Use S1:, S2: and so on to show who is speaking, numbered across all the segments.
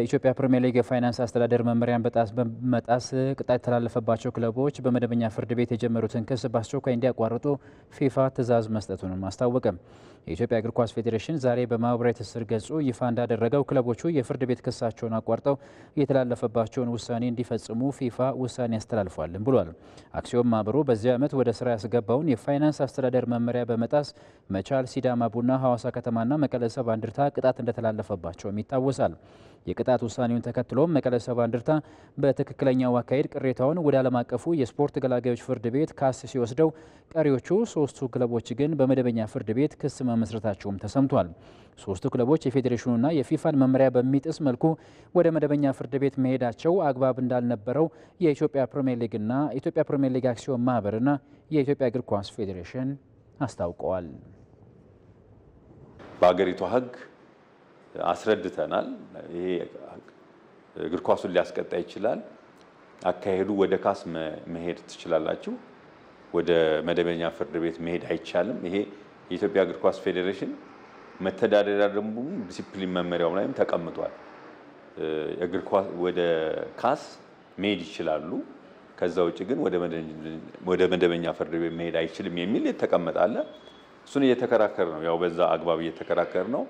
S1: የኢትዮጵያ ፕሪምየር ሊግ የፋይናንስ አስተዳደር መመሪያን በመጣስ ቅጣት የተላለፈባቸው ክለቦች በመደበኛ ፍርድ ቤት የጀመሩትን ክስ በአስቸኳይ እንዲያቋርጡ ፊፋ ትዕዛዝ መስጠቱንም አስታወቀም። የኢትዮጵያ እግር ኳስ ፌዴሬሽን ዛሬ በማህበራዊ ትስስር ገጹ ይፋ እንዳደረገው ክለቦቹ የፍርድ ቤት ክሳቸውን አቋርጠው የተላለፈባቸውን ውሳኔ እንዲፈጽሙ ፊፋ ውሳኔ ያስተላልፏልም ብሏል። አክሲዮን ማህበሩ በዚህ ዓመት ወደ ስራ ያስገባውን የፋይናንስ አስተዳደር መመሪያ በመጣስ መቻል፣ ሲዳማ ቡና፣ ሐዋሳ ከተማና መቀለ ሰባ ቅጣት እንደተላለፈባቸውም ይታወሳል። የቅጣት ውሳኔውን ተከትሎም መቀለ ሰባ እንደርታ በትክክለኛው አካሄድ ቅሬታውን ወደ ዓለም አቀፉ የስፖርት ገላጋዮች ፍርድ ቤት ካስ ሲወስደው፣ ቀሪዎቹ ሶስቱ ክለቦች ግን በመደበኛ ፍርድ ቤት ክስ መመስረታቸውም ተሰምቷል። ሶስቱ ክለቦች የፌዴሬሽኑና የፊፋን መመሪያ በሚጥስ መልኩ ወደ መደበኛ ፍርድ ቤት መሄዳቸው አግባብ እንዳልነበረው የኢትዮጵያ ፕሪምየር ሊግና የኢትዮጵያ ፕሪምየር ሊግ አክሲዮን ማህበርና የኢትዮጵያ እግር ኳስ ፌዴሬሽን አስታውቀዋል።
S2: በሀገሪቷ ሕግ አስረድተናል። ይሄ እግር ኳሱን ሊያስቀጣ ይችላል፣ አካሄዱ ወደ ካስ መሄድ ትችላላችሁ፣ ወደ መደበኛ ፍርድ ቤት መሄድ አይቻልም። ይሄ የኢትዮጵያ እግር ኳስ ፌዴሬሽን መተዳደሪያ ደንቡ ዲሲፕሊን መመሪያውም ላይም ተቀምጧል። እግር ኳስ ወደ ካስ መሄድ ይችላሉ፣ ከዛ ውጭ ግን ወደ መደበኛ ፍርድ ቤት መሄድ አይችልም የሚል የተቀመጣለ። እሱን እየተከራከር ነው ያው በዛ አግባብ እየተከራከር ነው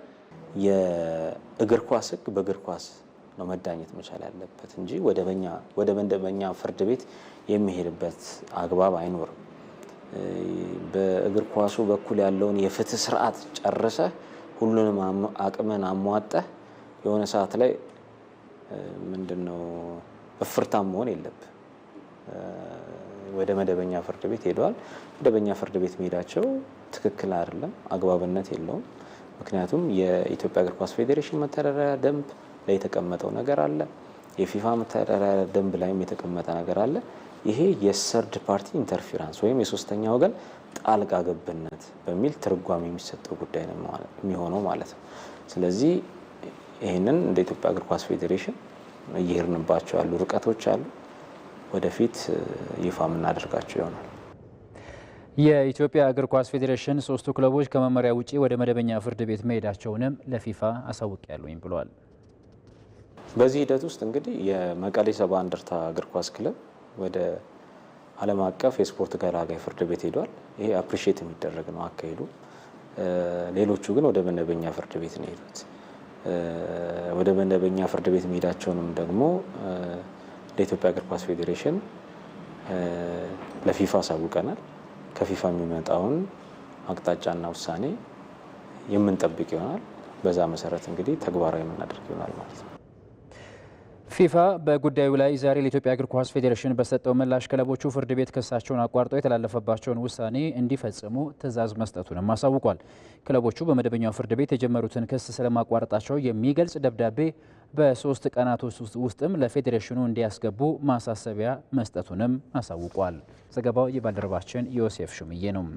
S3: የእግር ኳስ ህግ በእግር ኳስ ነው መዳኘት መቻል ያለበት እንጂ ወደ መደበኛ ፍርድ ቤት የሚሄድበት አግባብ አይኖርም። በእግር ኳሱ በኩል ያለውን የፍትህ ስርዓት ጨርሰ ሁሉንም አቅምን አሟጠህ የሆነ ሰዓት ላይ ምንድን ነው እፍርታም መሆን የለብ ወደ መደበኛ ፍርድ ቤት ሄደዋል። መደበኛ ፍርድ ቤት መሄዳቸው ትክክል አይደለም፣ አግባብነት የለውም። ምክንያቱም የኢትዮጵያ እግር ኳስ ፌዴሬሽን መተዳደሪያ ደንብ ላይ የተቀመጠው ነገር አለ። የፊፋ መተዳደሪያ ደንብ ላይም የተቀመጠ ነገር አለ። ይሄ የሰርድ ፓርቲ ኢንተርፌራንስ ወይም የሶስተኛ ወገን ጣልቃ ገብነት በሚል ትርጓሜ የሚሰጠው ጉዳይ የሚሆነው ማለት ነው። ስለዚህ ይህንን እንደ ኢትዮጵያ እግር ኳስ ፌዴሬሽን እየሄድንባቸው ያሉ ርቀቶች አሉ። ወደፊት ይፋ የምናደርጋቸው ይሆናል።
S1: የኢትዮጵያ እግር ኳስ ፌዴሬሽን ሶስቱ ክለቦች ከመመሪያ ውጪ ወደ መደበኛ ፍርድ ቤት መሄዳቸውንም ለፊፋ አሳውቅ ያሉኝ ብሏል።
S3: በዚህ ሂደት ውስጥ እንግዲህ የመቀሌ ሰባ እንደርታ እግር ኳስ ክለብ ወደ ዓለም አቀፍ የስፖርት ገላጋይ ፍርድ ቤት ሄዷል። ይሄ አፕሪሺየት የሚደረግ ነው አካሄዱ። ሌሎቹ ግን ወደ መደበኛ ፍርድ ቤት ነው ሄዱት። ወደ መደበኛ ፍርድ ቤት መሄዳቸውንም ደግሞ ለኢትዮጵያ እግር ኳስ ፌዴሬሽን ለፊፋ አሳውቀናል። ከፊፋ የሚመጣውን አቅጣጫና ውሳኔ የምንጠብቅ ይሆናል። በዛ መሰረት እንግዲህ ተግባራዊ የምናደርግ ይሆናል ማለት ነው።
S1: ፊፋ በጉዳዩ ላይ ዛሬ ለኢትዮጵያ እግር ኳስ ፌዴሬሽን በሰጠው ምላሽ ክለቦቹ ፍርድ ቤት ክሳቸውን አቋርጠው የተላለፈባቸውን ውሳኔ እንዲፈጽሙ ትዕዛዝ መስጠቱንም አሳውቋል። ክለቦቹ በመደበኛው ፍርድ ቤት የጀመሩትን ክስ ስለማቋረጣቸው የሚገልጽ ደብዳቤ በሶስት ቀናቶች ውስጥም ለፌዴሬሽኑ እንዲያስገቡ ማሳሰቢያ መስጠቱንም አሳውቋል። ዘገባው የባልደረባችን ዮሴፍ ሹምዬ ነው።